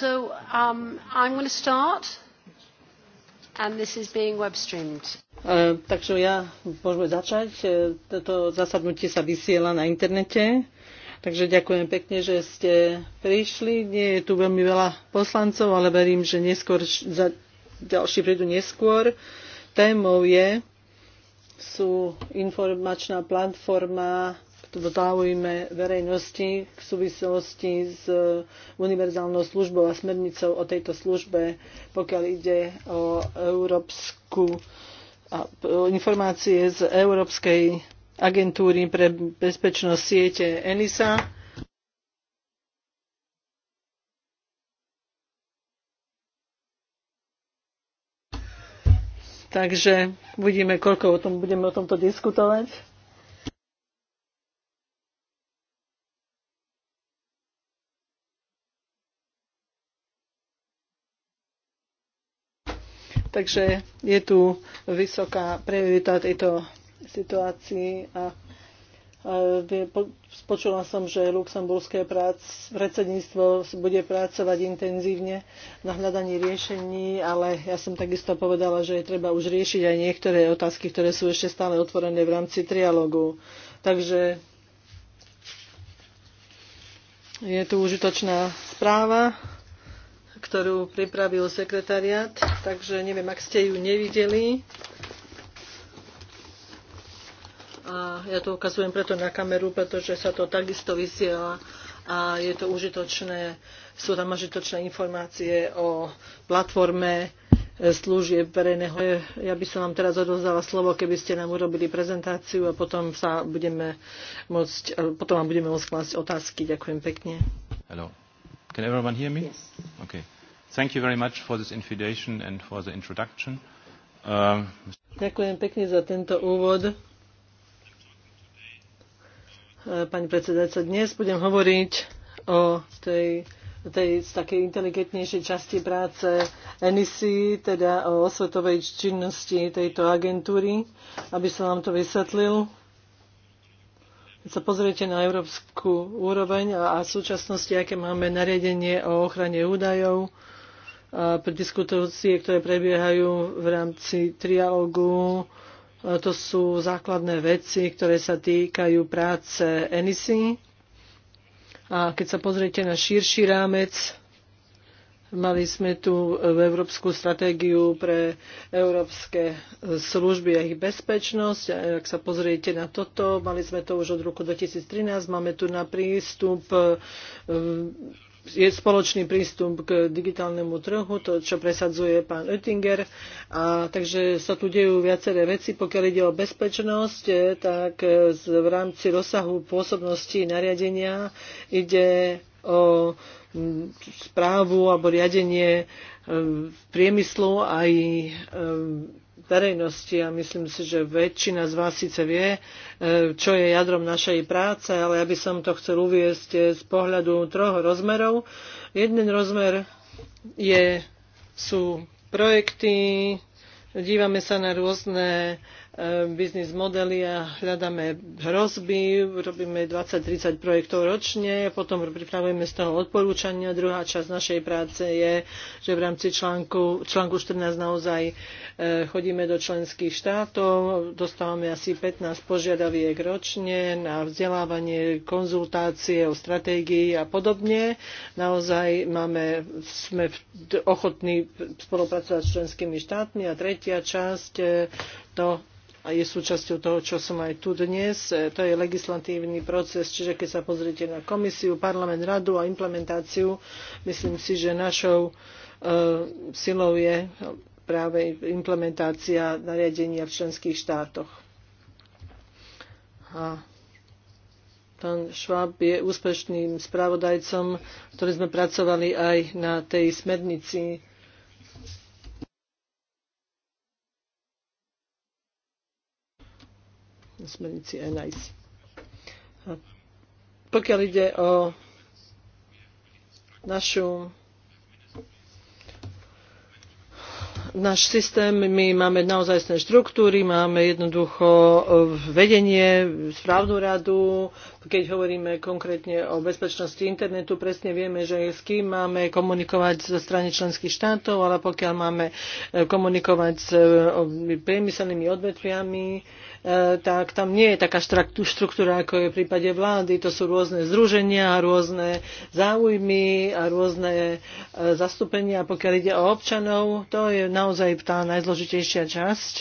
So um, I'm going to start. And this is being web streamed. E, takže ja môžeme začať. E, toto zasadnutie sa vysiela na internete. Takže ďakujem pekne, že ste prišli. Nie je tu veľmi veľa poslancov, ale verím, že neskôr, za, ďalší prídu neskôr. Témou je sú informačná platforma v záujme verejnosti v súvislosti s e, univerzálnou službou a smernicou o tejto službe, pokiaľ ide o európsku a informácie z Európskej agentúry pre bezpečnosť siete ENISA. Takže uvidíme, koľko o tom budeme o tomto diskutovať. Takže je tu vysoká priorita tejto situácii a Spočula som, že luxemburské prác, predsedníctvo bude pracovať intenzívne na hľadaní riešení, ale ja som takisto povedala, že je treba už riešiť aj niektoré otázky, ktoré sú ešte stále otvorené v rámci trialógu. Takže je tu užitočná správa, ktorú pripravil sekretariat takže neviem, ak ste ju nevideli. A ja to ukazujem preto na kameru, pretože sa to takisto vysiela a je to užitočné, sú tam užitočné informácie o platforme e, služieb verejného. E, ja by som vám teraz odovzdala slovo, keby ste nám urobili prezentáciu a potom sa budeme môcť, e, potom vám budeme môcť klásť otázky. Ďakujem pekne. Hello. Can everyone hear me? Yes. Okay. Thank you very much for this invitation and for the introduction. Um, Ďakujem pekne za tento úvod. Pani predsedajca, dnes budem hovoriť o tej, tej takej inteligentnejšej časti práce NISI, e teda o osvetovej činnosti tejto agentúry, aby som vám to vysvetlil. Keď sa pozriete na európsku úroveň a, a v súčasnosti, aké máme nariadenie o ochrane údajov, pre diskutúcie, ktoré prebiehajú v rámci trialógu. To sú základné veci, ktoré sa týkajú práce ENISY. A keď sa pozriete na širší rámec, mali sme tu európsku stratégiu pre európske služby a ich bezpečnosť. A ak sa pozriete na toto, mali sme to už od roku 2013, máme tu na prístup je spoločný prístup k digitálnemu trhu, to, čo presadzuje pán Oettinger. A, takže sa tu dejú viaceré veci. Pokiaľ ide o bezpečnosť, e, tak e, v rámci rozsahu pôsobnosti nariadenia ide o správu alebo riadenie e, priemyslu aj verejnosti a myslím si, že väčšina z vás síce vie, e, čo je jadrom našej práce, ale ja by som to chcel uviesť e, z pohľadu troch rozmerov. Jeden rozmer je, sú projekty, dívame sa na rôzne Ehm, biznis modely a hľadáme hrozby, robíme 20-30 projektov ročne, potom pripravujeme z toho odporúčania. Druhá časť našej práce je, že v rámci článku, článku 14 naozaj e, chodíme do členských štátov, dostávame asi 15 požiadaviek ročne na vzdelávanie, konzultácie o stratégii a podobne. Naozaj máme, sme ochotní spolupracovať s členskými štátmi a tretia časť e, to je súčasťou toho, čo som aj tu dnes. E, to je legislatívny proces, čiže keď sa pozrite na komisiu, parlament, radu a implementáciu, myslím si, že našou uh, silou je práve implementácia nariadenia v členských štátoch. A pán Schwab je úspešným spravodajcom, ktorý sme pracovali aj na tej smernici smernici NIS. pokiaľ ide o našu náš systém, my máme naozaj štruktúry, máme jednoducho e, vedenie, správnu radu. Keď hovoríme konkrétne o bezpečnosti internetu, presne vieme, že s kým máme komunikovať zo strany členských štátov, ale pokiaľ máme e, komunikovať s e, priemyselnými odvetviami, E, tak tam nie je taká štruktúra, ako je v prípade vlády. To sú rôzne združenia, rôzne záujmy a rôzne e, zastúpenia. Pokiaľ ide o občanov, to je naozaj tá najzložitejšia časť.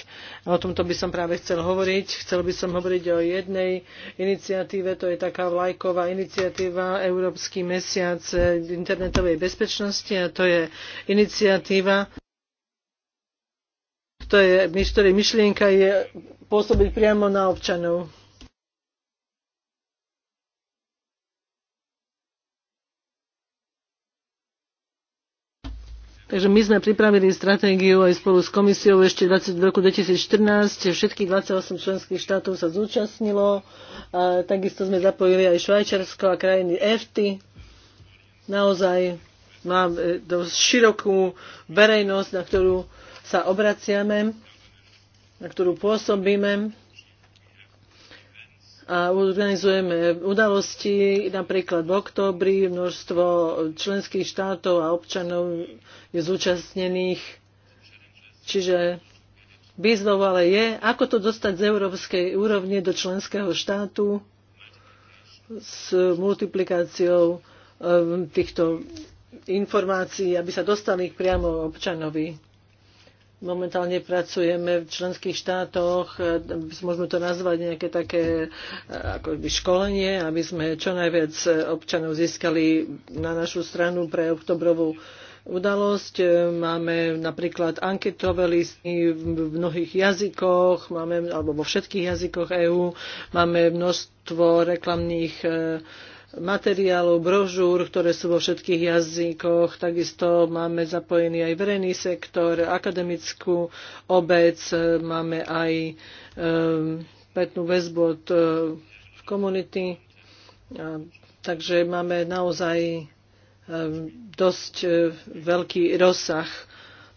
A o tomto by som práve chcel hovoriť. Chcel by som hovoriť o jednej iniciatíve, to je taká vlajková iniciatíva Európsky mesiac internetovej bezpečnosti a to je iniciatíva ktorej myšlienka je pôsobiť priamo na občanov. Takže my sme pripravili stratégiu aj spolu s komisiou ešte v roku 2014. Všetkých 28 členských štátov sa zúčastnilo. A takisto sme zapojili aj Švajčarsko a krajiny EFTY. Naozaj mám e, dosť širokú verejnosť, na ktorú sa obraciame, na ktorú pôsobíme a organizujeme udalosti, napríklad v oktobri množstvo členských štátov a občanov je zúčastnených. Čiže výzvou ale je, ako to dostať z európskej úrovne do členského štátu s multiplikáciou ehm, týchto informácií, aby sa dostali priamo občanovi momentálne pracujeme v členských štátoch, e, môžeme to nazvať nejaké také e, ako by školenie, aby sme čo najviac e, občanov získali na našu stranu pre oktobrovú udalosť. Máme napríklad anketové listy v mnohých jazykoch, máme, alebo vo všetkých jazykoch EÚ, máme množstvo reklamných e, materiálov, brožúr, ktoré sú vo všetkých jazykoch. Takisto máme zapojený aj verejný sektor, akademickú obec, máme aj um, spätnú väzbu od e, komunity. Um, takže máme naozaj um, dosť uh, veľký rozsah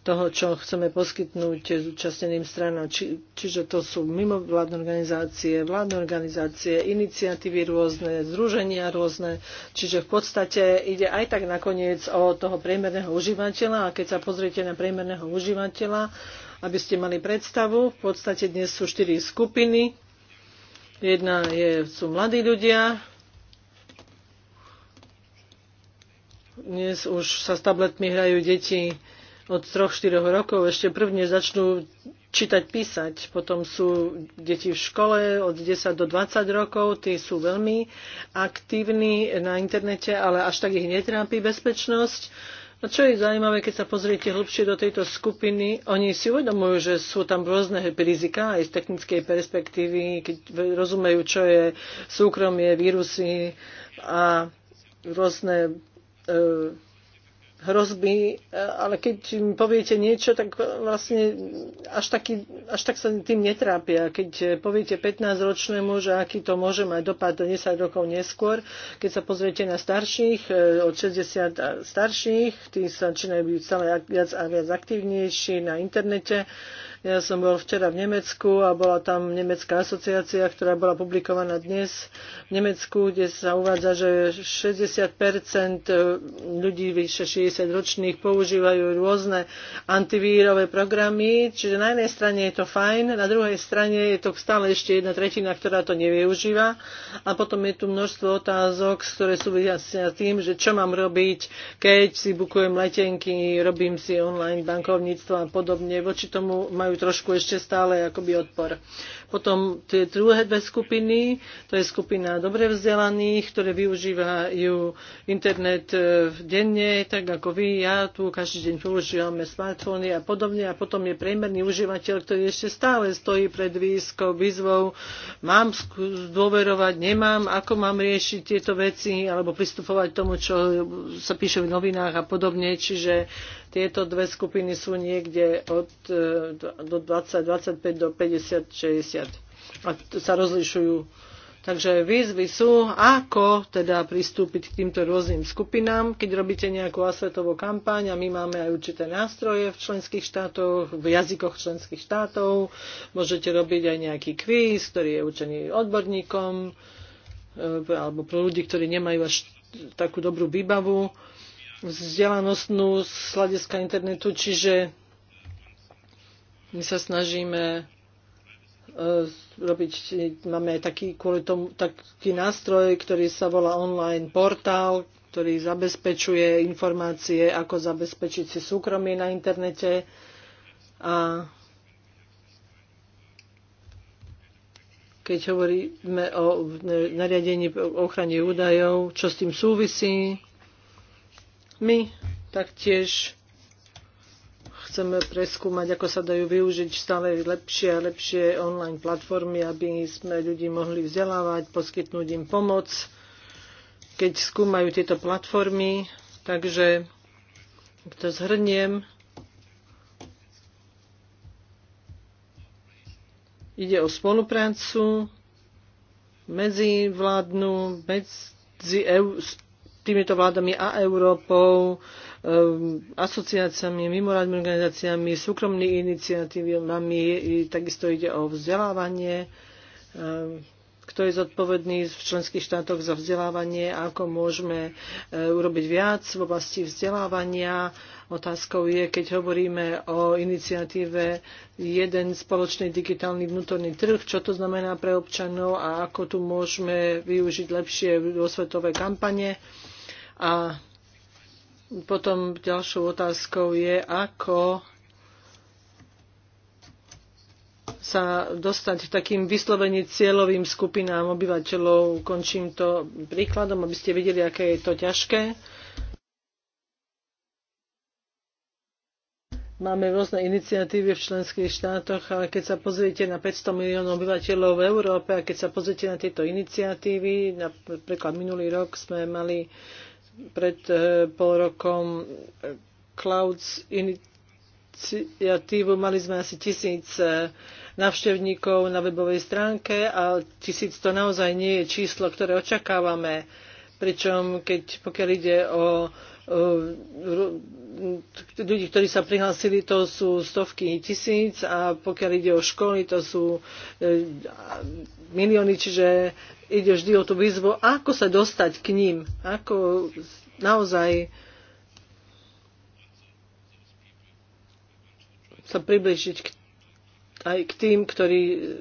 toho, čo chceme poskytnúť zúčastneným stranom. Či, čiže to sú mimovládne organizácie, vládne organizácie, iniciatívy rôzne, združenia rôzne. Čiže v podstate ide aj tak nakoniec o toho priemerného užívateľa. A keď sa pozriete na priemerného užívateľa, aby ste mali predstavu, v podstate dnes sú štyri skupiny. Jedna je, sú mladí ľudia, dnes už sa s tabletmi hrajú deti od 3-4 rokov ešte prvne začnú čítať, písať. Potom sú deti v škole od 10 do 20 rokov, tí sú veľmi aktívni na internete, ale až tak ich netrápi bezpečnosť. A čo je zaujímavé, keď sa pozriete hlbšie do tejto skupiny, oni si uvedomujú, že sú tam rôzne rizika aj z technickej perspektívy, keď rozumejú, čo je súkromie, vírusy a rôzne e, hrozby, ale keď im poviete niečo, tak vlastne až, taký, až tak sa tým netrápia. Keď poviete 15-ročnému, že aký to môže mať dopad 10 rokov neskôr, keď sa pozriete na starších, e, od 60 a starších, tí sa začínajú byť stále viac a viac aktívnejší na internete. Ja som bol včera v Nemecku a bola tam nemecká asociácia, ktorá bola publikovaná dnes v Nemecku, kde sa uvádza, že 60 ľudí vyše 60 50 ročných používajú rôzne antivírové programy, čiže na jednej strane je to fajn, na druhej strane je to stále ešte jedna tretina, ktorá to nevyužíva a potom je tu množstvo otázok, ktoré sú s tým, že čo mám robiť, keď si bukujem letenky, robím si online bankovníctvo a podobne. Voči tomu majú trošku ešte stále akoby odpor. Potom tie druhé dve skupiny, to je skupina dobre vzdelaných, ktoré využívajú internet e, denne, tak ako vy, ja tu každý deň používame smartfóny a podobne. A potom je priemerný užívateľ, ktorý ešte stále stojí pred výzkou, výzvou, mám dôverovať, nemám, ako mám riešiť tieto veci alebo pristupovať tomu, čo sa píše v novinách a podobne. Čiže tieto dve skupiny sú niekde od e, do 20, 25 do 50, 60 a sa rozlišujú. Takže výzvy sú, ako teda pristúpiť k týmto rôznym skupinám. Keď robíte nejakú asvetovú kampaň a my máme aj určité nástroje v členských štátoch, v jazykoch členských štátov, môžete robiť aj nejaký kvíz, ktorý je učený odborníkom e, alebo pre ľudí, ktorí nemajú až takú dobrú výbavu vzdelanostnú z hľadiska internetu, čiže my sa snažíme e, robiť, máme aj taký, kvôli tomu, taký nástroj, ktorý sa volá online portál, ktorý zabezpečuje informácie, ako zabezpečiť si súkromie na internete a keď hovoríme o nariadení o ochrane údajov, čo s tým súvisí, my taktiež chceme preskúmať, ako sa dajú využiť stále lepšie a lepšie online platformy, aby sme ľudí mohli vzdelávať, poskytnúť im pomoc, keď skúmajú tieto platformy. Takže to zhrniem. Ide o spoluprácu medzi vládnu, medzi EU, týmito vládami a Európou, ehm, asociáciami, mimoriadnymi organizáciami, súkromnými iniciatívami, takisto ide o vzdelávanie, ehm, kto je zodpovedný v členských štátoch za vzdelávanie, ako môžeme e, urobiť viac v oblasti vzdelávania. Otázkou je, keď hovoríme o iniciatíve jeden spoločný digitálny vnútorný trh, čo to znamená pre občanov a ako tu môžeme využiť lepšie osvetové kampane. A potom ďalšou otázkou je, ako sa dostať takým vyslovene cieľovým skupinám obyvateľov. Končím to príkladom, aby ste videli, aké je to ťažké. Máme rôzne iniciatívy v členských štátoch, ale keď sa pozriete na 500 miliónov obyvateľov v Európe a keď sa pozriete na tieto iniciatívy, napríklad minulý rok sme mali pred e, pol rokom e, Clouds iniciatívu. Mali sme asi tisíc navštevníkov na webovej stránke a tisíc to naozaj nie je číslo, ktoré očakávame. Pričom, keď, pokiaľ ide o ľudí, ktorí sa prihlásili, to sú stovky tisíc a pokiaľ ide o školy, to sú e, milióny, čiže ide vždy o tú výzvu, ako sa dostať k ním, ako naozaj sa približiť k, aj k tým, ktorí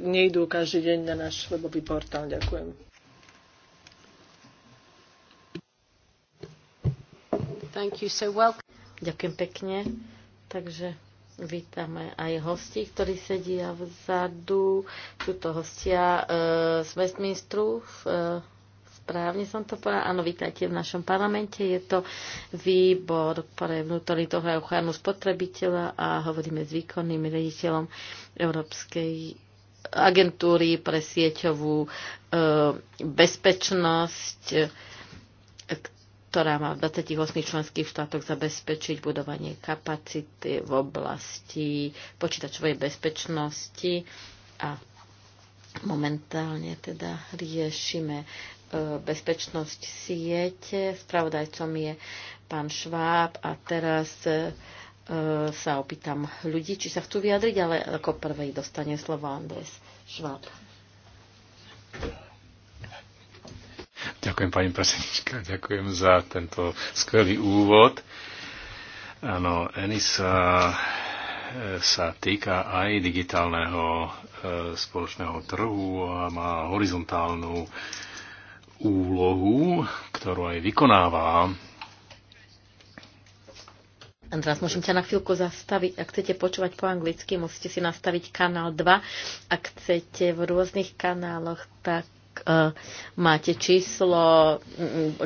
nejdú každý deň na náš webový portál. Ďakujem. Thank you. So welcome. Ďakujem pekne. Takže vítame aj hosti, ktorí sedia vzadu. Sú to hostia e, z Westminsteru. E, správne som to povedala. Áno, vítajte v našom parlamente. Je to výbor pre vnútorný trh a ochranu spotrebiteľa a hovoríme s výkonným riaditeľom Európskej agentúry pre sieťovú e, bezpečnosť, e, ktorá má v 28 členských štátoch zabezpečiť budovanie kapacity v oblasti počítačovej bezpečnosti a momentálne teda riešime e, bezpečnosť siete. Spravodajcom je pán Šváb a teraz e, sa opýtam ľudí, či sa chcú vyjadriť, ale ako prvej dostane slovo Andres Šváb. Ďakujem pani prezidentka, ďakujem za tento skvelý úvod. Áno, Enisa e, sa týka aj digitálneho e, spoločného trhu a má horizontálnu úlohu, ktorú aj vykonáva. András, môžem ťa na chvíľku zastaviť. Ak chcete počúvať po anglicky, musíte si nastaviť kanál 2. Ak chcete v rôznych kanáloch, tak uh, máte číslo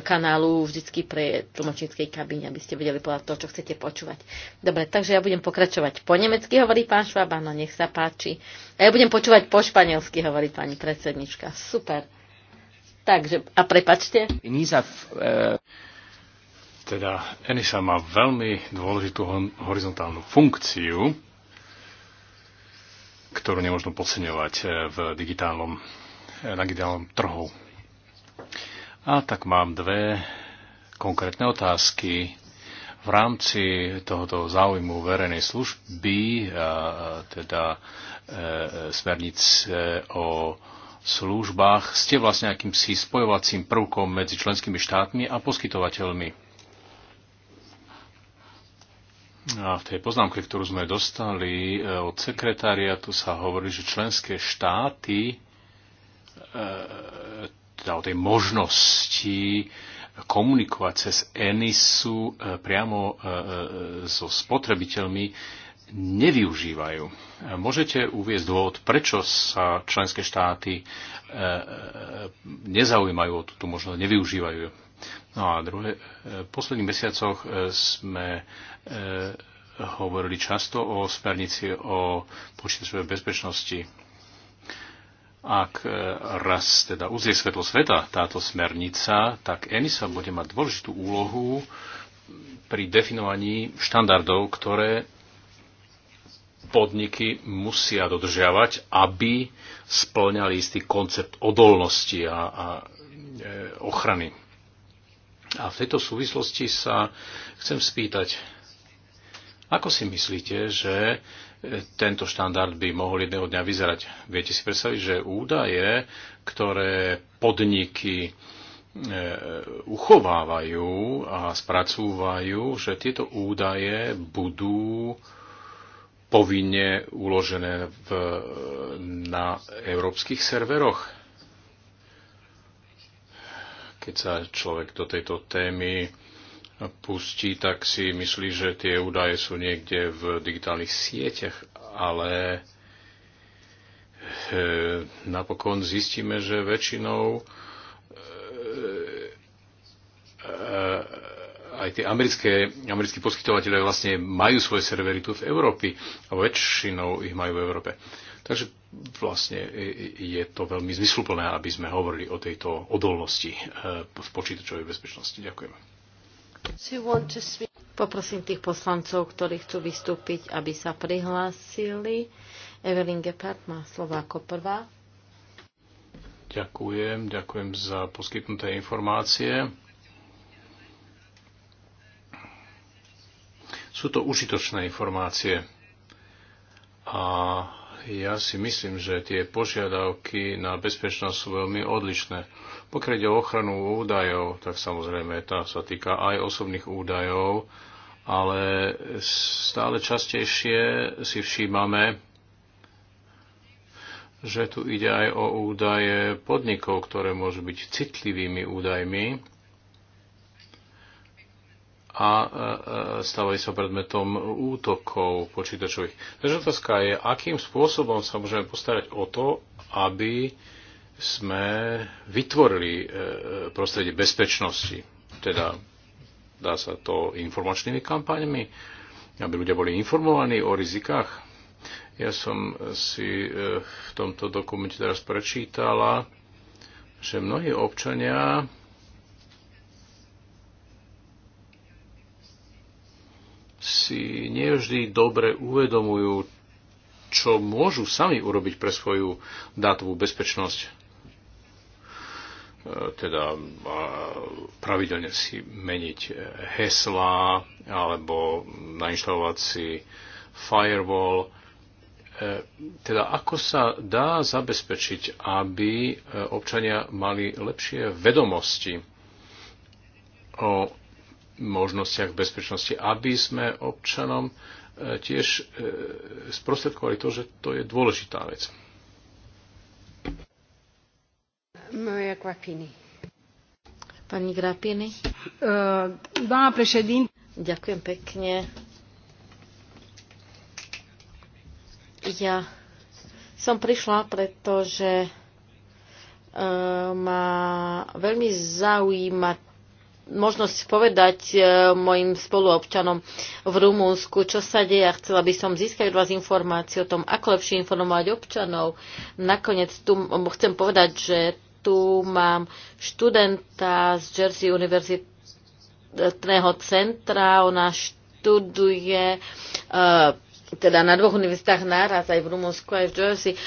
kanálu vždycky pre tlmočníckej kabíne, aby ste vedeli povedať to, čo chcete počúvať. Dobre, takže ja budem pokračovať po nemecky, hovorí pán Švába, no nech sa páči. A ja budem počúvať po španielsky, hovorí pani predsednička. Super. Takže, a prepačte. E, teda Enisa má veľmi dôležitú horizontálnu funkciu, ktorú nemôžno podceňovať e, v digitálnom na digitálnom trhu. A tak mám dve konkrétne otázky. V rámci tohoto záujmu verejnej služby, teda e, smernic e, o službách, ste vlastne akýmsi spojovacím prvkom medzi členskými štátmi a poskytovateľmi. A v tej poznámke, ktorú sme dostali e, od tu sa hovorí, že členské štáty E, teda o tej možnosti komunikovať cez ENISu e, priamo e, so spotrebiteľmi nevyužívajú. Môžete uviezť dôvod, prečo sa členské štáty nezaujímajú o túto možnosť, nevyužívajú No a druhé, v posledných mesiacoch sme hovorili často o smernici o počítačovej bezpečnosti ak e, raz teda uzrie svetlo sveta táto smernica, tak ENISA bude mať dôležitú úlohu pri definovaní štandardov, ktoré podniky musia dodržiavať, aby splňali istý koncept odolnosti a, a e, ochrany. A v tejto súvislosti sa chcem spýtať, ako si myslíte, že tento štandard by mohol jedného dňa vyzerať. Viete si predstaviť, že údaje, ktoré podniky e, uchovávajú a spracúvajú, že tieto údaje budú povinne uložené v, na európskych serveroch. Keď sa človek do tejto témy pustí, tak si myslí, že tie údaje sú niekde v digitálnych sieťach, ale e, napokon zistíme, že väčšinou e, e, aj tie americké, americkí poskytovateľe vlastne majú svoje servery tu v Európe a väčšinou ich majú v Európe. Takže vlastne je to veľmi zmysluplné, aby sme hovorili o tejto odolnosti v počítačovej bezpečnosti. Ďakujem. Poprosím tých poslancov, ktorí chcú vystúpiť, aby sa prihlásili. Evelyn Gepard má slovo ako prvá. Ďakujem, ďakujem za poskytnuté informácie. Sú to užitočné informácie a ja si myslím, že tie požiadavky na bezpečnosť sú veľmi odlišné. Pokiaľ ide o ochranu údajov, tak samozrejme tá sa týka aj osobných údajov, ale stále častejšie si všímame, že tu ide aj o údaje podnikov, ktoré môžu byť citlivými údajmi a e, e, stávajú sa predmetom útokov počítačových. Takže otázka je, akým spôsobom sa môžeme postarať o to, aby sme vytvorili e, prostredie bezpečnosti. Teda dá sa to informačnými kampaňami, aby ľudia boli informovaní o rizikách. Ja som si v tomto dokumente teraz prečítala, že mnohí občania si nevždy dobre uvedomujú, čo môžu sami urobiť pre svoju dátovú bezpečnosť. E, teda e, pravidelne si meniť hesla alebo nainštalovať si firewall. E, teda ako sa dá zabezpečiť, aby občania mali lepšie vedomosti o možnostiach bezpečnosti, aby sme občanom e, tiež e, sprostredkovali to, že to je dôležitá vec. Maria Grappini. Pani Grappini. E, Dáma prešedín. Ďakujem pekne. Ja som prišla, pretože ma veľmi zaujíma možnosť povedať e, mojim spoluobčanom v Rumúnsku, čo sa deje. A chcela by som získať od vás informáciu o tom, ako lepšie informovať občanov. Nakoniec tu chcem povedať, že tu mám študenta z Jersey univerzitného centra. Ona študuje e, teda na dvoch univerzitách náraz, aj v Rumunsku, aj v Jersey e,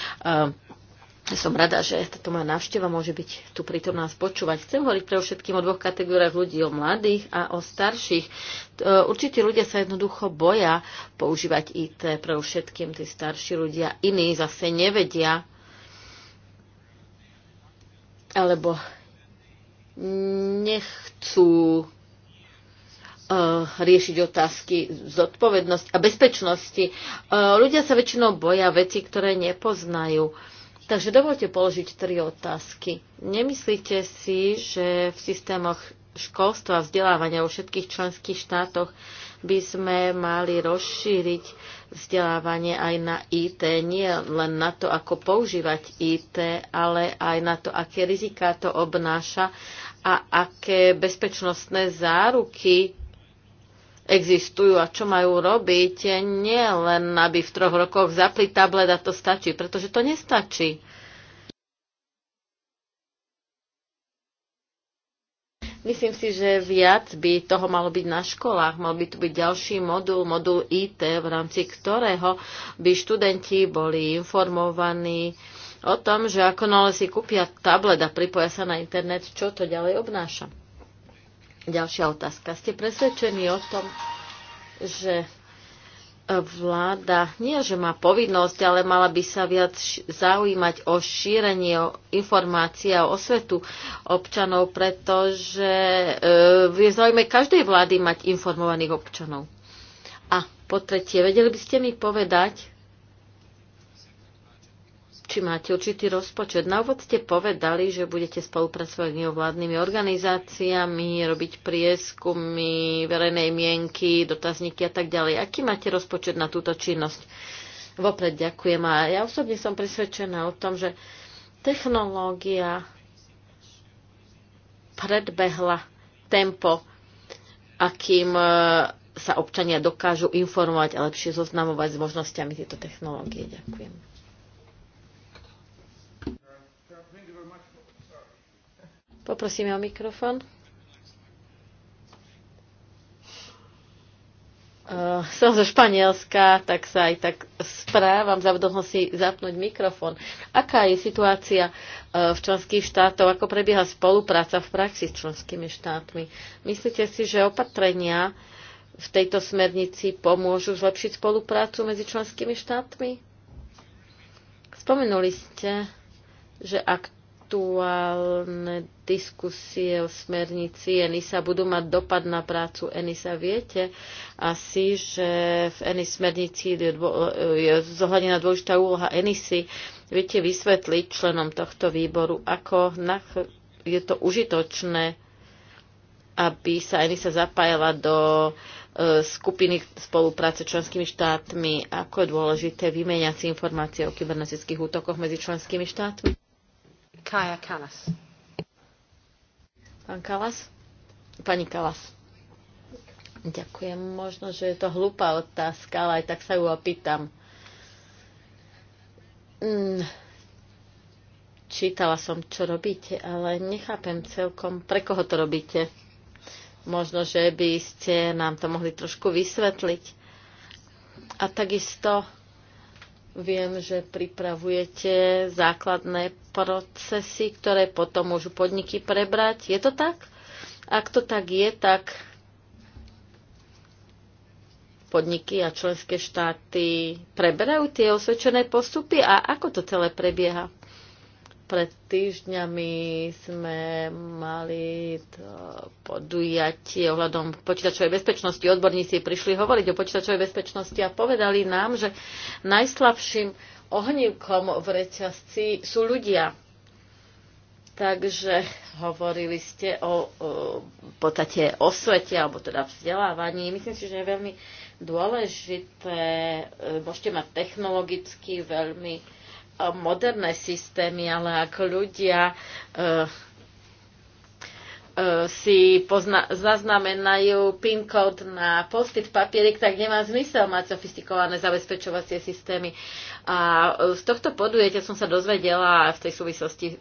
som rada, že táto moja návšteva môže byť tu pritom nás počúvať. Chcem hovoriť pre všetkým o dvoch kategóriách ľudí, o mladých a o starších. E, určití ľudia sa jednoducho boja používať IT pre všetkým, tí starší ľudia. Iní zase nevedia, alebo nechcú e, riešiť otázky zodpovednosti a bezpečnosti. E, ľudia sa väčšinou boja veci, ktoré nepoznajú Takže dovolte položiť tri otázky. Nemyslíte si, že v systémoch školstva a vzdelávania vo všetkých členských štátoch by sme mali rozšíriť vzdelávanie aj na IT, nie len na to, ako používať IT, ale aj na to, aké riziká to obnáša a aké bezpečnostné záruky existujú a čo majú robiť, nie len aby v troch rokoch zapli tablet a to stačí, pretože to nestačí. Myslím si, že viac by toho malo byť na školách. Mal by tu byť ďalší modul, modul IT, v rámci ktorého by študenti boli informovaní o tom, že ako nále si kúpia tablet a pripoja sa na internet, čo to ďalej obnáša. Ďalšia otázka. Ste presvedčení o tom, že vláda nie, že má povinnosť, ale mala by sa viac zaujímať o šírenie o informácií a o svetu občanov, pretože e, je zaujme každej vlády mať informovaných občanov. A po tretie, vedeli by ste mi povedať, či máte určitý rozpočet. Na úvod ste povedali, že budete spolupracovať s neovládnymi organizáciami, robiť prieskumy verejnej mienky, dotazníky a tak ďalej. Aký máte rozpočet na túto činnosť? Vopred ďakujem a ja osobne som presvedčená o tom, že technológia predbehla tempo, akým e, sa občania dokážu informovať a lepšie zoznamovať s možnosťami tieto technológie. Ďakujem. Poprosíme o mikrofón. Uh, som zo Španielska, tak sa aj tak správam, zabudol som si zapnúť mikrofón. Aká je situácia uh, v členských štátoch, ako prebieha spolupráca v praxi s členskými štátmi? Myslíte si, že opatrenia v tejto smernici pomôžu zlepšiť spoluprácu medzi členskými štátmi? Spomenuli ste, že ak aktuálne diskusie o smernici ENISA budú mať dopad na prácu ENISA. Viete asi, že v ENIS smernici je, dvo- je zohľadená dôležitá úloha ENISy. Viete vysvetliť členom tohto výboru, ako je to užitočné, aby sa ENISA zapájala do e, skupiny spolupráce s členskými štátmi, ako je dôležité vymeniať si informácie o kybernetických útokoch medzi členskými štátmi. Kaja Kalas. Pán Kalas? Pani Kalas. Ďakujem. Možno, že je to hlúpa otázka, ale aj tak sa ju opýtam. Mm, čítala som, čo robíte, ale nechápem celkom, pre koho to robíte. Možno, že by ste nám to mohli trošku vysvetliť. A takisto Viem, že pripravujete základné procesy, ktoré potom môžu podniky prebrať. Je to tak? Ak to tak je, tak podniky a členské štáty preberajú tie osvedčené postupy a ako to celé prebieha? Pred týždňami sme mali podujatie ohľadom počítačovej bezpečnosti. Odborníci prišli hovoriť o počítačovej bezpečnosti a povedali nám, že najslabším ohnívkom v reťazci sú ľudia. Takže hovorili ste o, o podstate o svete, alebo teda vzdelávaní. Myslím si, že je veľmi dôležité. E, môžete mať technologicky veľmi moderné systémy, ale ak ľudia eh, eh, si pozna- zaznamenajú PIN kód na postit papierik, tak nemá zmysel mať sofistikované zabezpečovacie systémy. A eh, z tohto podujete som sa dozvedela a v tej súvislosti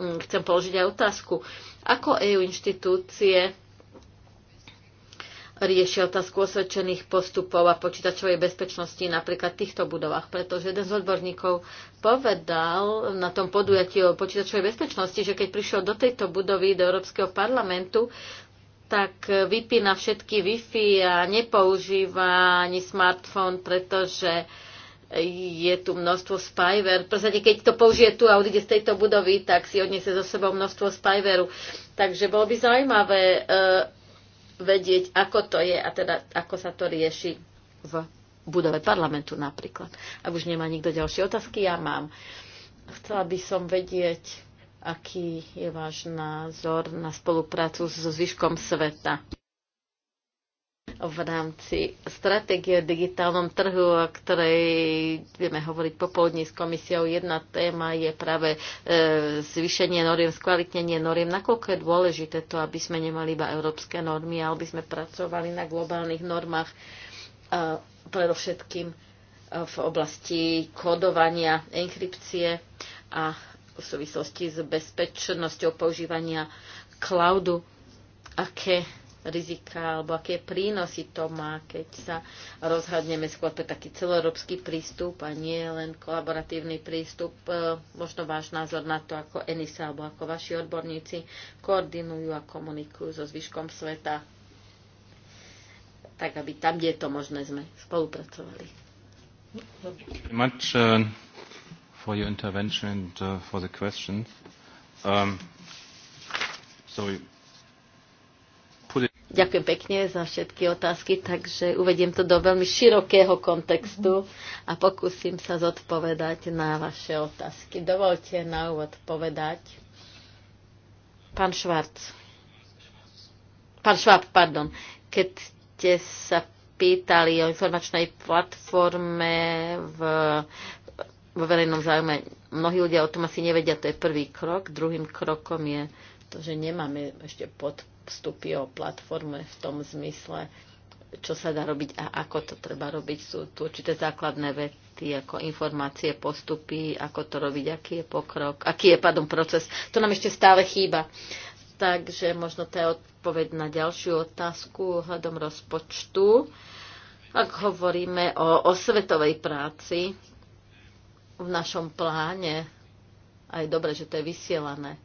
hm, chcem položiť aj otázku. Ako EU inštitúcie riešia otázku osvedčených postupov a počítačovej bezpečnosti napríklad v týchto budovách, pretože jeden z odborníkov povedal na tom podujatí o počítačovej bezpečnosti, že keď prišiel do tejto budovy, do Európskeho parlamentu, tak vypína všetky Wi-Fi a nepoužíva ani smartfón, pretože je tu množstvo spyware. podstate, keď to použije tu a odíde z tejto budovy, tak si odniesie so sebou množstvo spyveru. Takže bolo by zaujímavé e, vedieť, ako to je a teda ako sa to rieši v budove parlamentu napríklad. Ak už nemá nikto ďalšie otázky, ja mám. Chcela by som vedieť, aký je váš názor na spoluprácu so zvyškom sveta v rámci stratégie o digitálnom trhu, o ktorej vieme hovoriť popoludní s komisiou. Jedna téma je práve e, zvýšenie noriem, skvalitnenie noriem. Nakoľko je dôležité to, aby sme nemali iba európske normy, ale aby sme pracovali na globálnych normách e, predovšetkým e, v oblasti kodovania, enkrypcie a v súvislosti s bezpečnosťou používania cloudu, aké rizika alebo aké prínosy to má, keď sa rozhodneme skôr pre taký celoeurópsky prístup a nie len kolaboratívny prístup. E, možno váš názor na to, ako ENISA alebo ako vaši odborníci koordinujú a komunikujú so zvyškom sveta, tak aby tam, kde je to možné, sme spolupracovali. Uh, for your intervention and uh, for the questions. Um, so Ďakujem pekne za všetky otázky, takže uvediem to do veľmi širokého kontextu a pokúsim sa zodpovedať na vaše otázky. Dovolte na úvod povedať. Pán Švarc. Pán Šváb, pardon. Keď ste sa pýtali o informačnej platforme v vo verejnom záujme. Mnohí ľudia o tom asi nevedia, to je prvý krok. Druhým krokom je to, že nemáme ešte podporu vstupy o platforme v tom zmysle, čo sa dá robiť a ako to treba robiť. Sú tu určité základné vety, ako informácie, postupy, ako to robiť, aký je pokrok, aký je padom proces. To nám ešte stále chýba. Takže možno to je odpoveď na ďalšiu otázku ohľadom rozpočtu. Ak hovoríme o osvetovej práci v našom pláne, a je dobre, že to je vysielané,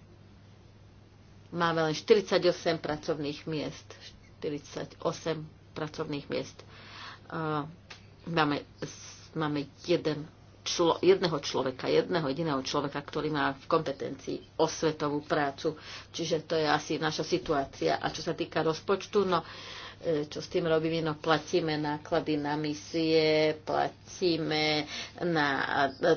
máme len 48 pracovných miest. 48 pracovných miest. Máme, máme jeden člo, jedného človeka, jedného jediného človeka, ktorý má v kompetencii osvetovú prácu. Čiže to je asi naša situácia. A čo sa týka rozpočtu, no uh, E, čo s tým robíme, no platíme náklady na misie, platíme na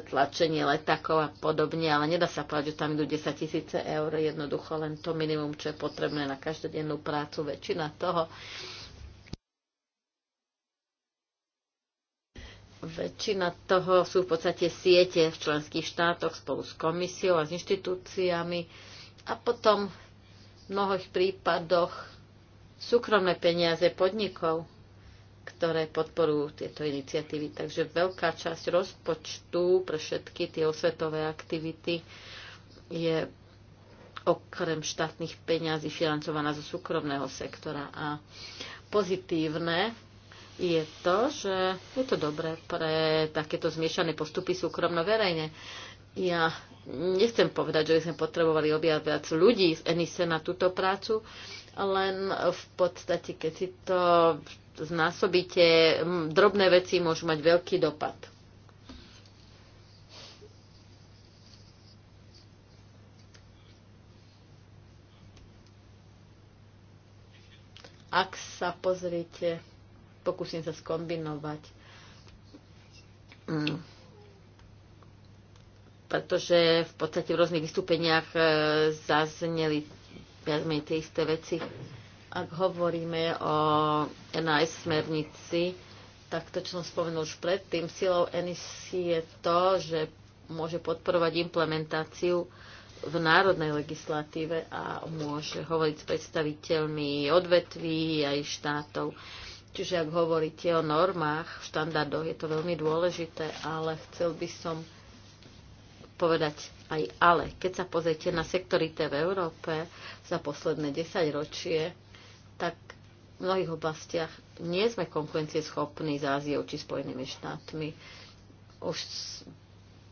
tlačenie letakov a podobne, ale nedá sa povedať, že tam idú 10 tisíce eur, jednoducho len to minimum, čo je potrebné na každodennú prácu, väčšina toho. Väčšina toho sú v podstate siete v členských štátoch spolu s komisiou a s inštitúciami a potom v mnohých prípadoch súkromné peniaze podnikov, ktoré podporujú tieto iniciatívy. Takže veľká časť rozpočtu pre všetky tie osvetové aktivity je okrem štátnych peňazí financovaná zo súkromného sektora. A pozitívne je to, že je to dobré pre takéto zmiešané postupy súkromno-verejne. Ja nechcem povedať, že sme potrebovali objať viac ľudí z Enise na túto prácu, len v podstate, keď si to znásobíte, drobné veci môžu mať veľký dopad. Ak sa pozriete, pokúsim sa skombinovať. Mm. pretože v podstate v rôznych vystúpeniach e, zazneli viac menej tie isté veci. Ak hovoríme o NIS smernici, tak to, čo som spomenul už predtým, silou NIS je to, že môže podporovať implementáciu v národnej legislatíve a môže hovoriť s predstaviteľmi odvetví aj štátov. Čiže ak hovoríte o normách, štandardoch, je to veľmi dôležité, ale chcel by som povedať aj ale. Keď sa pozriete na sektory v Európe za posledné 10 ročie, tak v mnohých oblastiach nie sme konkurencieschopní s Áziou či Spojenými štátmi. Už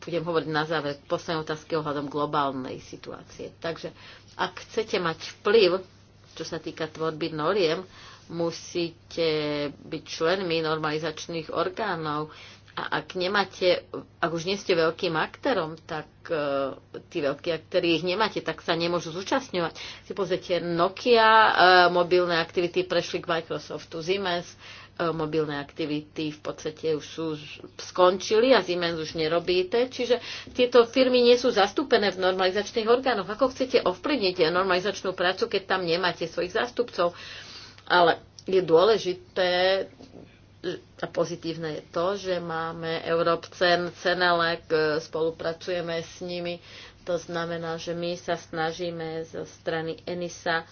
budem hovoriť na záver poslednej otázky ohľadom globálnej situácie. Takže ak chcete mať vplyv, čo sa týka tvorby noriem, musíte byť členmi normalizačných orgánov, a ak nemáte, ak už nie ste veľkým aktérom, tak e, tí veľkí aktéry ich nemáte, tak sa nemôžu zúčastňovať. Si pozrite, Nokia, e, mobilné aktivity prešli k Microsoftu, Siemens, e, mobilné aktivity v podstate už sú skončili a Siemens už nerobí čiže tieto firmy nie sú zastúpené v normalizačných orgánoch. Ako chcete ovplyvniť normalizačnú prácu, keď tam nemáte svojich zástupcov? Ale je dôležité a pozitívne je to, že máme Európcen, Cenelek, e, spolupracujeme s nimi. To znamená, že my sa snažíme zo strany ENISA e,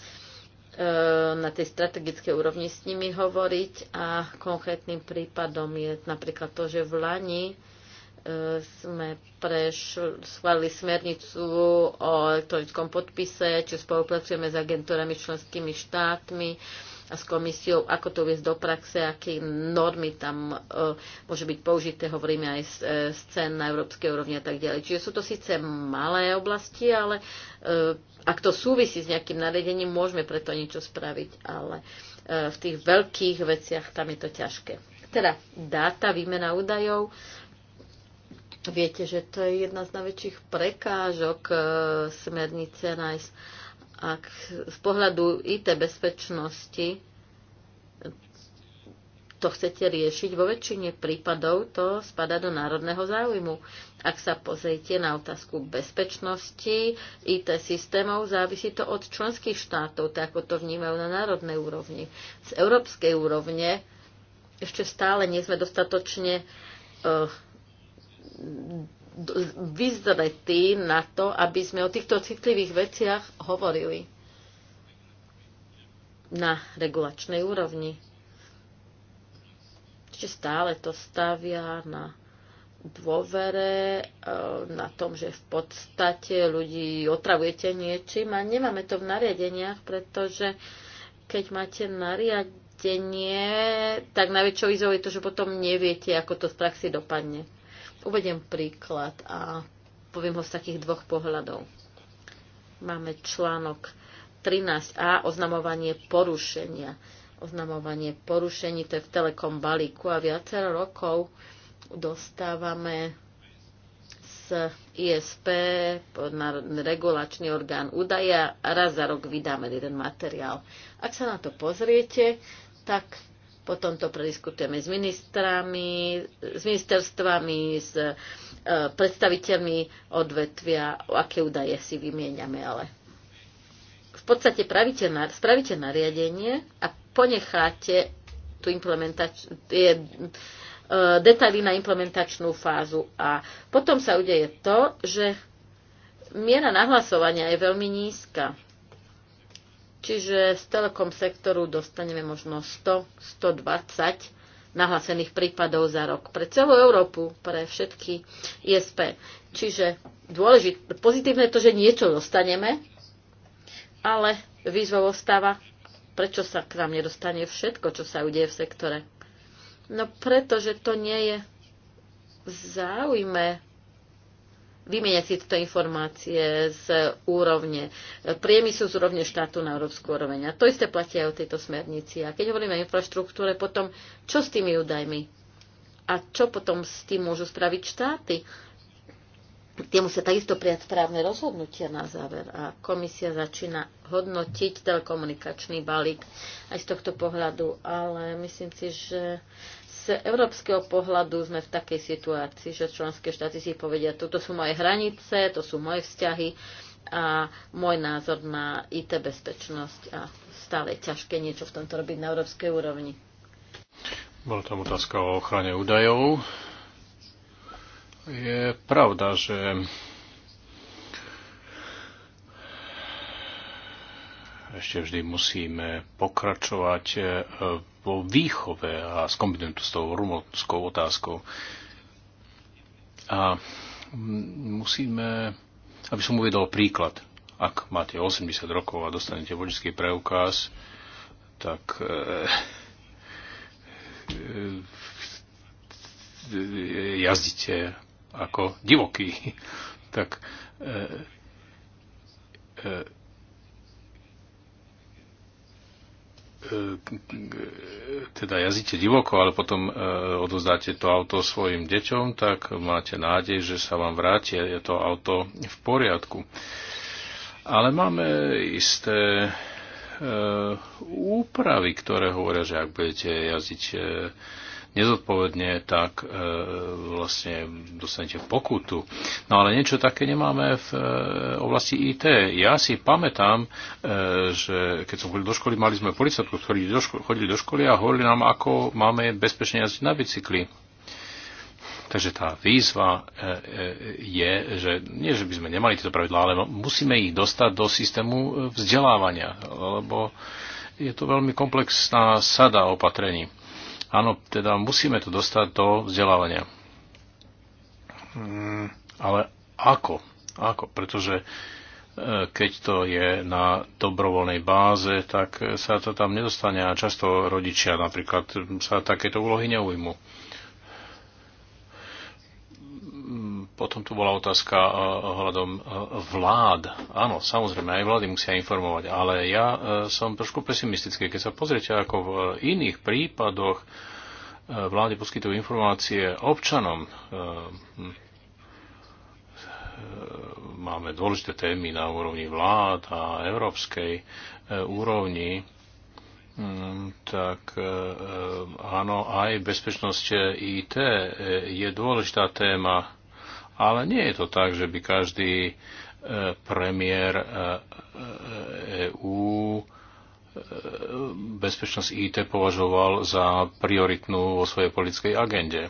na tej strategickej úrovni s nimi hovoriť a konkrétnym prípadom je napríklad to, že v Lani e, sme schválili smernicu o elektronickom podpise, či spolupracujeme s agentúrami členskými štátmi, a s komisiou, ako to viesť do praxe, aké normy tam e, môže byť použité, hovoríme aj z, e, z cen na európskej úrovni a tak ďalej. Čiže sú to síce malé oblasti, ale e, ak to súvisí s nejakým nariadením, môžeme preto niečo spraviť, ale e, v tých veľkých veciach tam je to ťažké. Teda dáta, výmena údajov, Viete, že to je jedna z najväčších prekážok e, smernice NICE ak z pohľadu IT bezpečnosti to chcete riešiť, vo väčšine prípadov to spada do národného záujmu. Ak sa pozrite na otázku bezpečnosti IT systémov, závisí to od členských štátov, tak ako to vnímajú na národnej úrovni. Z európskej úrovne ešte stále nie sme dostatočne uh, vyzretí na to, aby sme o týchto citlivých veciach hovorili na regulačnej úrovni. Čiže stále to stavia na dôvere, e, na tom, že v podstate ľudí otravujete niečím a nemáme to v nariadeniach, pretože keď máte nariadenie, tak najväčšou výzvou je to, že potom neviete, ako to v praxi dopadne. Uvediem príklad a poviem ho z takých dvoch pohľadov. Máme článok 13a, oznamovanie porušenia. Oznamovanie porušení, to je v Telekom balíku a viacero rokov dostávame z ISP, regulačný orgán údaja, raz za rok vydáme jeden materiál. Ak sa na to pozriete, tak potom to prediskutujeme s ministrami, s ministerstvami, s e, predstaviteľmi odvetvia, aké údaje si vymieňame, ale v podstate pravíte, spravíte nariadenie a ponecháte tú implementačnú, e, detaily na implementačnú fázu. A potom sa udeje to, že miera nahlasovania je veľmi nízka. Čiže z telekom sektoru dostaneme možno 100-120 nahlásených prípadov za rok pre celú Európu, pre všetky ISP. Čiže dôležité, pozitívne je to, že niečo dostaneme, ale výzva ostáva, prečo sa k nám nedostane všetko, čo sa udeje v sektore. No pretože to nie je v záujme vymieňať si tieto informácie z úrovne e, priemyslu, z úrovne štátu na európsku úroveň. A to isté platí aj o tejto smernici. A keď hovoríme o infraštruktúre, potom čo s tými údajmi? A čo potom s tým môžu spraviť štáty? Tie musia takisto prijať správne rozhodnutia na záver. A komisia začína hodnotiť telekomunikačný balík aj z tohto pohľadu. Ale myslím si, že z európskeho pohľadu sme v takej situácii, že členské štáty si povedia, toto sú moje hranice, to sú moje vzťahy a môj názor na IT bezpečnosť a stále ťažké niečo v tomto robiť na európskej úrovni. Bola tam otázka o ochrane údajov. Je pravda, že ešte vždy musíme pokračovať e, vo výchove a skombinujem to s tou rumúnskou otázkou. A musíme, aby som uvedol príklad. Ak máte 80 rokov a dostanete vodičský preukaz, tak e, e, jazdíte ako divoký. Tak e, e, E, teda jazdíte divoko, ale potom e, odozdáte to auto svojim deťom, tak máte nádej, že sa vám vráti je to auto v poriadku. Ale máme isté e, úpravy, ktoré hovoria, že ak budete jazdiť nezodpovedne, tak e, vlastne dostanete pokutu. No ale niečo také nemáme v e, oblasti IT. Ja si pamätám, e, že keď som chodil do školy, mali sme policajtku, ktorí do ško- chodili do školy a hovorili nám, ako máme bezpečne jazdiť na bicykli. Takže tá výzva e, e, je, že nie, že by sme nemali tieto pravidlá, ale musíme ich dostať do systému e, vzdelávania, lebo je to veľmi komplexná sada opatrení. Áno, teda musíme to dostať do vzdelávania. Mm, ale ako? Ako? Pretože e, keď to je na dobrovoľnej báze, tak sa to tam nedostane a často rodičia napríklad sa takéto úlohy neujmú. Potom tu bola otázka eh, ohľadom eh, vlád. Áno, samozrejme, aj vlády musia informovať, ale ja eh, som trošku pesimistický. Keď sa pozriete, ako v iných prípadoch vlády poskytujú informácie občanom, máme dôležité témy na úrovni vlád a európskej úrovni, hm, tak áno, aj bezpečnosť IT je dôležitá téma ale nie je to tak, že by každý e, premiér EÚ e, e bezpečnosť IT považoval za prioritnú vo svojej politickej agende.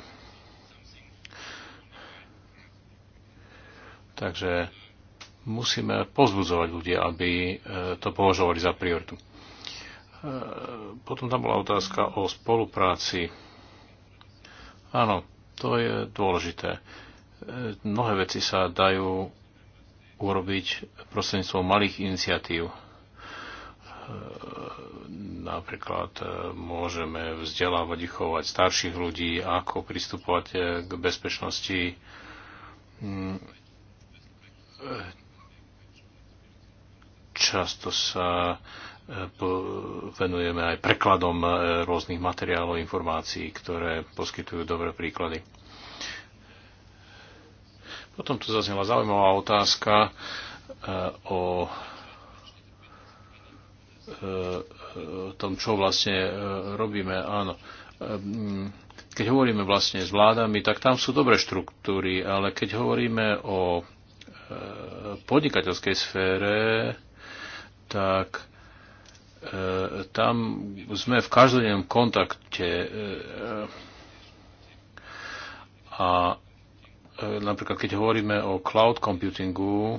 Takže musíme pozbudzovať ľudia, aby to považovali za prioritu. Potom tam bola otázka o spolupráci. Áno, to je dôležité E, mnohé veci sa dajú urobiť prostredníctvom malých iniciatív. E, napríklad e, môžeme vzdelávať, vychovať starších ľudí, ako pristupovať k bezpečnosti mm, často sa venujeme aj prekladom rôznych materiálov, informácií, ktoré poskytujú dobré príklady. Potom tu zaznela zaujímavá otázka eh, eh, o tom, čo vlastne eh, robíme. Áno. Keď hovoríme vlastne s vládami, tak tam sú dobré štruktúry, ale keď hovoríme o podnikateľskej sfére, tak tam sme v každodennom kontakte a E, napríklad keď hovoríme o cloud computingu,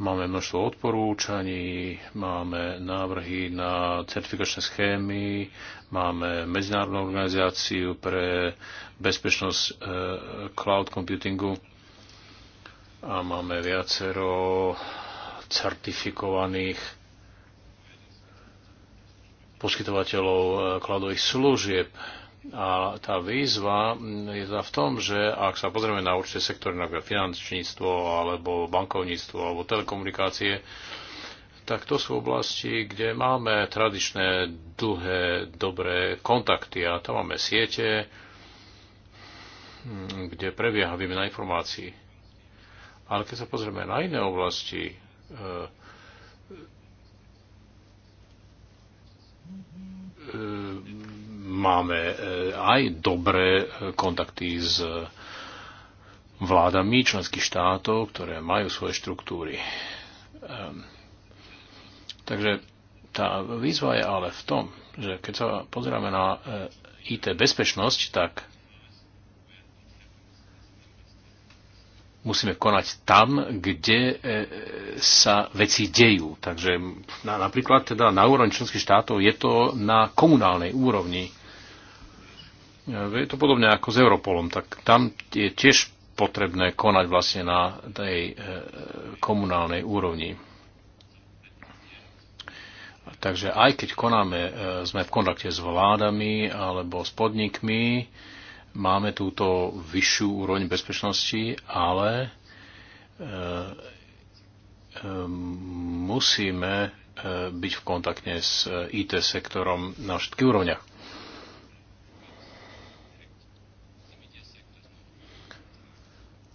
máme množstvo odporúčaní, máme návrhy na certifikačné schémy, máme medzinárodnú organizáciu pre bezpečnosť e, cloud computingu a máme viacero certifikovaných poskytovateľov e, cloudových služieb a tá výzva mm, je teda v tom, že ak sa pozrieme na určité sektory, napríklad finančníctvo, alebo bankovníctvo, alebo telekomunikácie, tak to sú oblasti, kde máme tradičné, dlhé, dobré kontakty a tam máme siete, mm, kde prebieha výmena informácií. Ale keď sa pozrieme na iné oblasti, e, e máme e, aj dobré e, kontakty s vládami členských štátov, ktoré majú svoje štruktúry. Ehm, takže tá výzva je ale v tom, že keď sa pozrieme na IT e, bezpečnosť, tak musíme konať tam, kde sa veci dejú. Takže napríklad teda na úrovni členských štátov je to na komunálnej úrovni. Je to podobne ako s Europolom, tak tam je tiež potrebné konať vlastne na tej e, komunálnej úrovni. Takže aj keď konáme, e, sme v kontakte s vládami alebo s podnikmi, máme túto vyššiu úroveň bezpečnosti, ale e, musíme byť v kontakte s IT sektorom na všetkých úrovniach.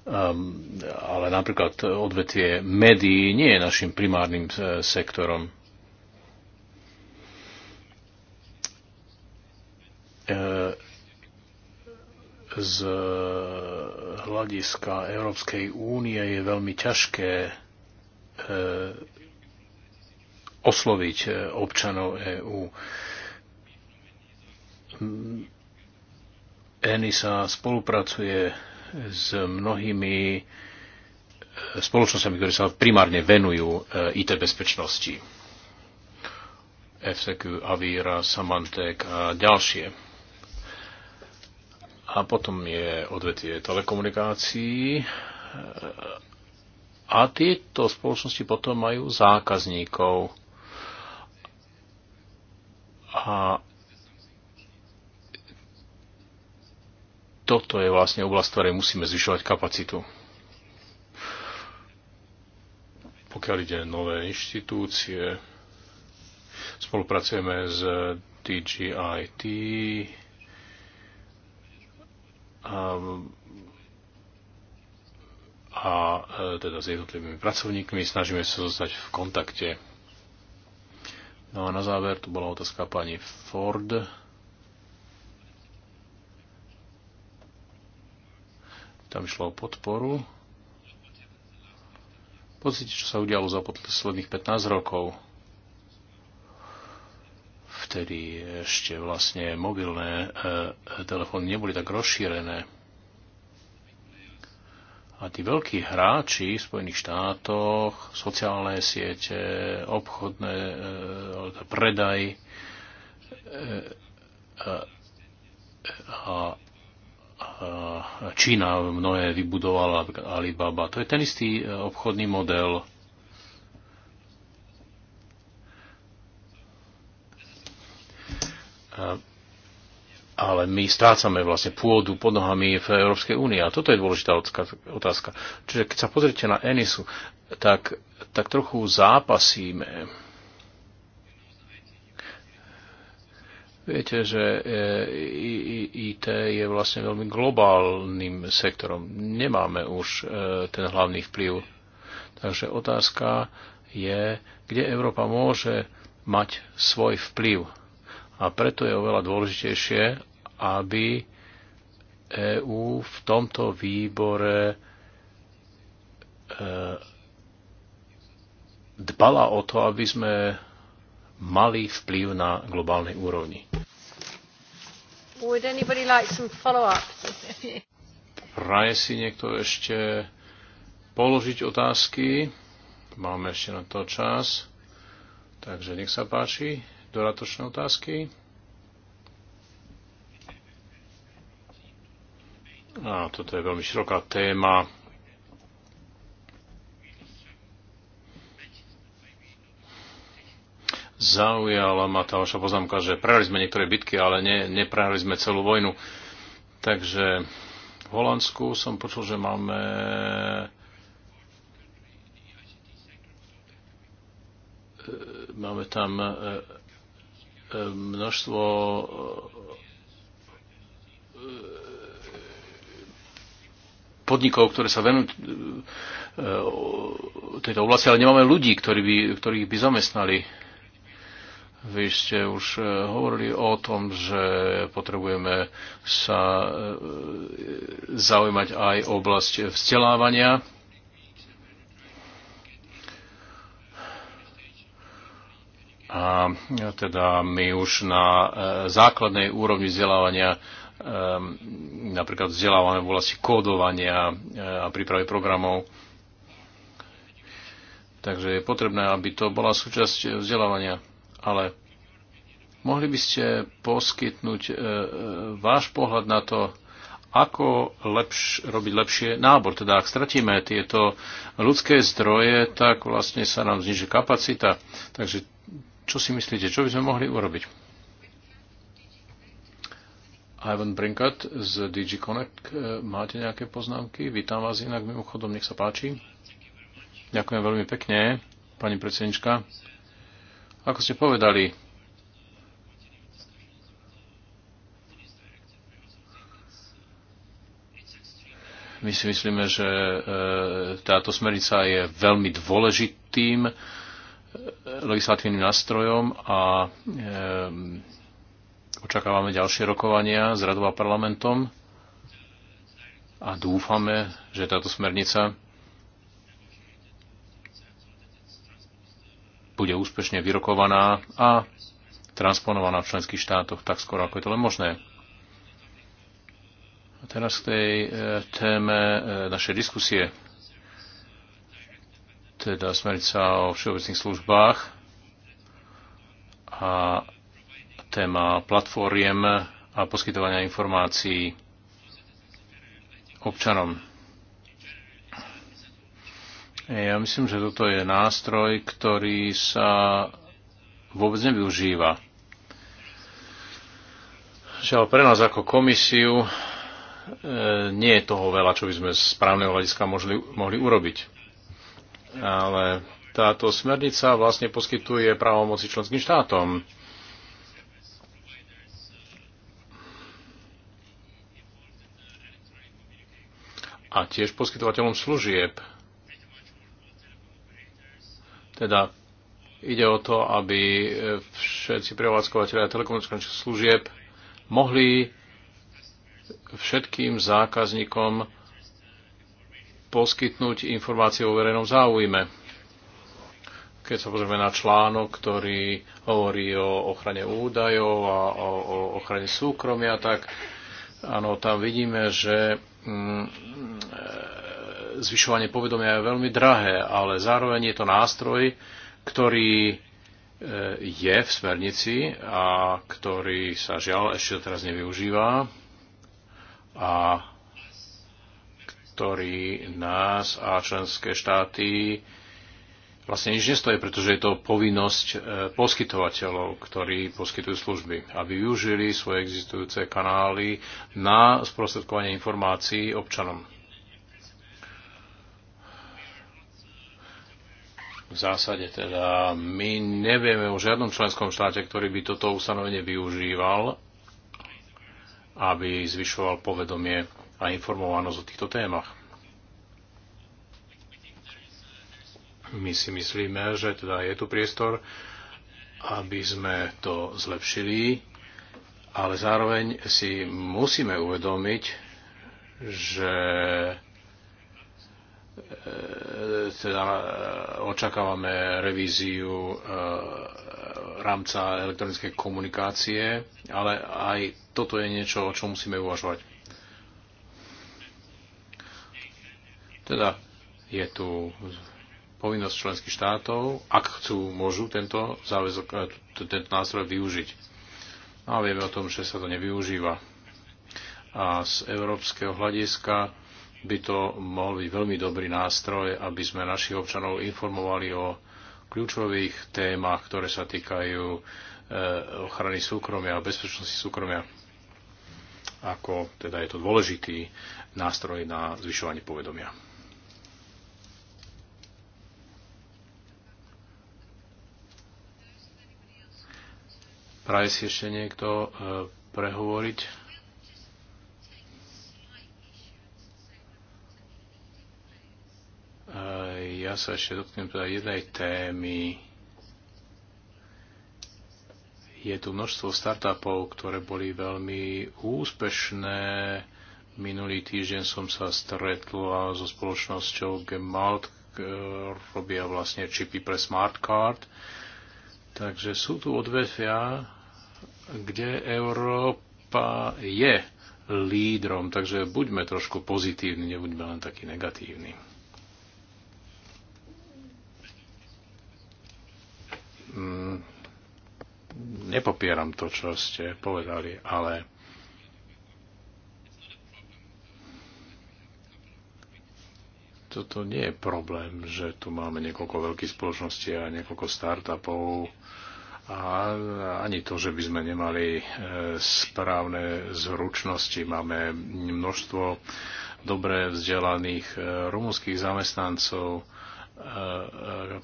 Ehm, ale napríklad odvetvie médií nie je našim primárnym e, sektorom. E, z hľadiska Európskej únie je veľmi ťažké e, osloviť občanov EÚ. ENISA spolupracuje s mnohými e, spoločnosťami, ktoré sa primárne venujú e, IT bezpečnosti. FCQ, Avira, Samantec a ďalšie. A potom je odvetie telekomunikácií. E, a tieto spoločnosti potom majú zákazníkov. A toto je vlastne oblasť, ktorej musíme zvyšovať kapacitu. Pokiaľ ide nové inštitúcie, spolupracujeme s DGIT a, a teda s jednotlivými pracovníkmi, snažíme sa zostať v kontakte. No a na záver tu bola otázka pani Ford Tam išlo o podporu. Pozrite, čo sa udialo za posledných 15 rokov. Vtedy ešte vlastne mobilné e, e, telefóny neboli tak rozšírené. A tí veľkí hráči v Spojených štátoch, sociálne siete, obchodné, e, e predaj, e, a, a Čína mnohé vybudovala Alibaba. To je ten istý e, obchodný model. E, ale my strácame vlastne pôdu pod nohami v Európskej únii. A toto je dôležitá otázka. Čiže keď sa pozrite na Enisu, tak, tak trochu zápasíme Viete, že e, IT je vlastne veľmi globálnym sektorom. Nemáme už e, ten hlavný vplyv. Takže otázka je, kde Európa môže mať svoj vplyv. A preto je oveľa dôležitejšie, aby EÚ v tomto výbore e, dbala o to, aby sme malý vplyv na globálnej úrovni. Like Praje si niekto ešte položiť otázky. Máme ešte na to čas. Takže nech sa páči, doratočné otázky. A toto je veľmi široká téma Zaujala ma tá vaša poznámka, že prehrali sme niektoré bitky, ale ne, neprehrali sme celú vojnu. Takže v Holandsku som počul, že máme e, máme tam e, e, množstvo podnikov, ktoré sa venujú tejto oblasti, ale nemáme ľudí, ktorí by, ktorých by zamestnali. Vy ste už e, hovorili o tom, že potrebujeme sa e, zaujímať aj oblasť vzdelávania. A teda my už na e, základnej úrovni vzdelávania napríklad vzdelávame v oblasti kódovania a prípravy programov. Takže je potrebné, aby to bola súčasť vzdelávania. Ale mohli by ste poskytnúť e, e, váš pohľad na to, ako lepš, robiť lepšie nábor. Teda ak stratíme tieto ľudské zdroje, tak vlastne sa nám zniží kapacita. Takže čo si myslíte, čo by sme mohli urobiť? Ivan Brinkat z DG Connect. E, máte nejaké poznámky? Vítam vás inak mimochodom, nech sa páči. Ďakujem veľmi pekne, pani predsednička. Ako ste povedali, my si myslíme, že e, táto smernica je veľmi dôležitým e, legislatívnym nástrojom a e, očakávame ďalšie rokovania s radou a parlamentom a dúfame, že táto smernica bude úspešne vyrokovaná a transponovaná v členských štátoch tak skoro, ako je to len možné. A teraz k tej e, téme e, našej diskusie, teda sa o všeobecných službách a téma platformiem a poskytovania informácií občanom ja myslím, že toto je nástroj, ktorý sa vôbec nevyužíva. Žiaľ, pre nás ako komisiu e, nie je toho veľa, čo by sme z právneho hľadiska mohli, mohli urobiť. Ale táto smernica vlastne poskytuje právomoci členským štátom. A tiež poskytovateľom služieb teda ide o to, aby e, všetci prevádzkovateľia telekomunikačných služieb mohli všetkým zákazníkom poskytnúť informácie o verejnom záujme. Keď sa pozrieme na článok, ktorý hovorí o ochrane údajov a o, o ochrane súkromia, tak áno, tam vidíme, že mm, zvyšovanie povedomia je veľmi drahé, ale zároveň je to nástroj, ktorý e, je v smernici a ktorý sa žiaľ ešte teraz nevyužíva a ktorý nás a členské štáty vlastne nič nestojí, pretože je to povinnosť e, poskytovateľov, ktorí poskytujú služby, aby využili svoje existujúce kanály na sprostredkovanie informácií občanom. v zásade teda my nevieme o žiadnom členskom štáte, ktorý by toto ustanovenie využíval, aby zvyšoval povedomie a informovanosť o týchto témach. My si myslíme, že teda je tu priestor, aby sme to zlepšili, ale zároveň si musíme uvedomiť, že E, teda e, očakávame revíziu e, rámca elektronickej komunikácie, ale aj toto je niečo, o čom musíme uvažovať. Teda je tu povinnosť členských štátov, ak chcú, môžu tento záväzok, tento nástroj využiť. No a vieme o tom, že sa to nevyužíva. A z európskeho hľadiska by to mohol byť veľmi dobrý nástroj, aby sme našich občanov informovali o kľúčových témach, ktoré sa týkajú e, ochrany súkromia a bezpečnosti súkromia. Ako teda je to dôležitý nástroj na zvyšovanie povedomia. Praje si ešte niekto e, prehovoriť? Ja sa ešte dotknem teda jednej témy. Je tu množstvo startupov, ktoré boli veľmi úspešné. Minulý týždeň som sa stretla so spoločnosťou Gemalt, e, robia vlastne čipy pre smart card. Takže sú tu odvetvia, kde Európa je lídrom, takže buďme trošku pozitívni, nebuďme len takí negatívni. Mm, nepopieram to, čo ste povedali, ale toto nie je problém, že tu máme niekoľko veľkých spoločností a niekoľko startupov a ani to, že by sme nemali e, správne zručnosti. Máme množstvo dobre vzdelaných e, rumúnskych zamestnancov, e,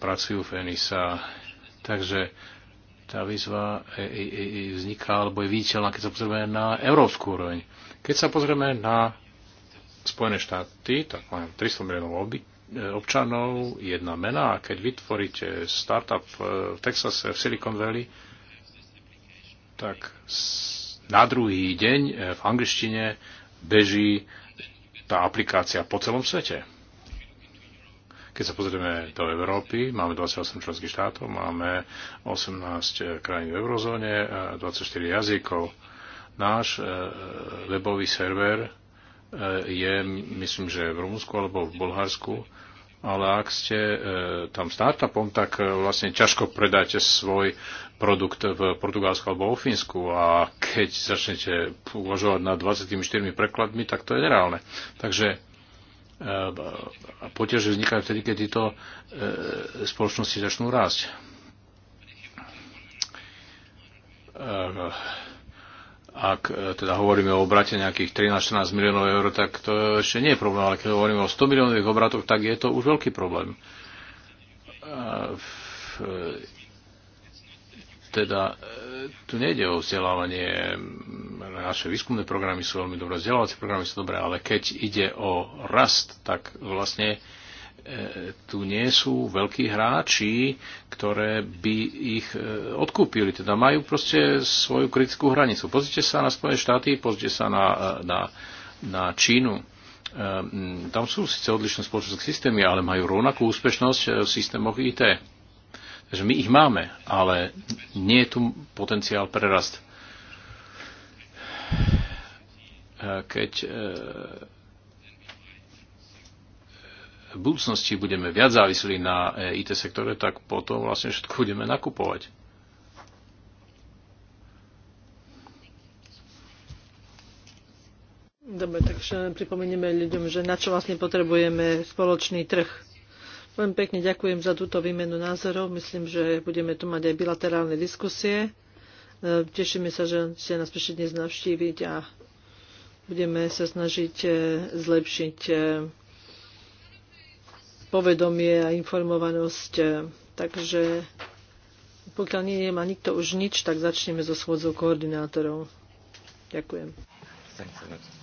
pracujú v ENISA, Takže tá výzva e, e, e, vzniká alebo je viditeľná, keď sa pozrieme na európsku úroveň. Keď sa pozrieme na Spojené štáty, tak máme 300 miliónov občanov, jedna mena a keď vytvoríte startup v Texase, v Silicon Valley, tak na druhý deň v angličtine beží tá aplikácia po celom svete. Keď sa pozrieme do Európy, máme 28 členských štátov, máme 18 e, krajín v eurozóne, 24 jazykov. Náš e, webový server e, je, myslím, že v Rumunsku alebo v Bulharsku, ale ak ste tam startupom, tak vlastne ťažko predáte svoj produkt v Portugalsku alebo vo Fínsku a keď začnete uvažovať nad 24 prekladmi, tak to je nereálne. Takže a poťaže vznikajú vtedy, keď tieto e, spoločnosti začnú rásť. E, ak e, teda hovoríme o obrate nejakých 13-14 miliónov eur, tak to ešte nie je problém, ale keď hovoríme o 100 miliónových obratoch, tak je to už veľký problém. Teda e, tu nejde o vzdelávanie, naše výskumné programy sú veľmi dobré, vzdelávacie programy sú dobré, ale keď ide o rast, tak vlastne e, tu nie sú veľkí hráči, ktoré by ich e, odkúpili. Teda majú proste svoju kritickú hranicu. Pozrite sa na Spojené štáty, pozrite sa na, na, na Čínu. Tam sú síce odlišné spoločenské systémy, ale majú rovnakú úspešnosť v systémoch IT že my ich máme, ale nie je tu potenciál prerast. Keď e, v budúcnosti budeme viac závislí na e, IT sektore, tak potom vlastne všetko budeme nakupovať. Dobre, takže pripomenieme ľuďom, že na čo vlastne potrebujeme spoločný trh. Veľmi pekne ďakujem za túto výmenu názorov. Myslím, že budeme tu mať aj bilaterálne diskusie. E, tešíme sa, že ste nás prišli dnes navštíviť a budeme sa snažiť e, zlepšiť e, povedomie a informovanosť. Takže pokiaľ nie má nikto už nič, tak začneme so schôdzou koordinátorov. Ďakujem. Thanks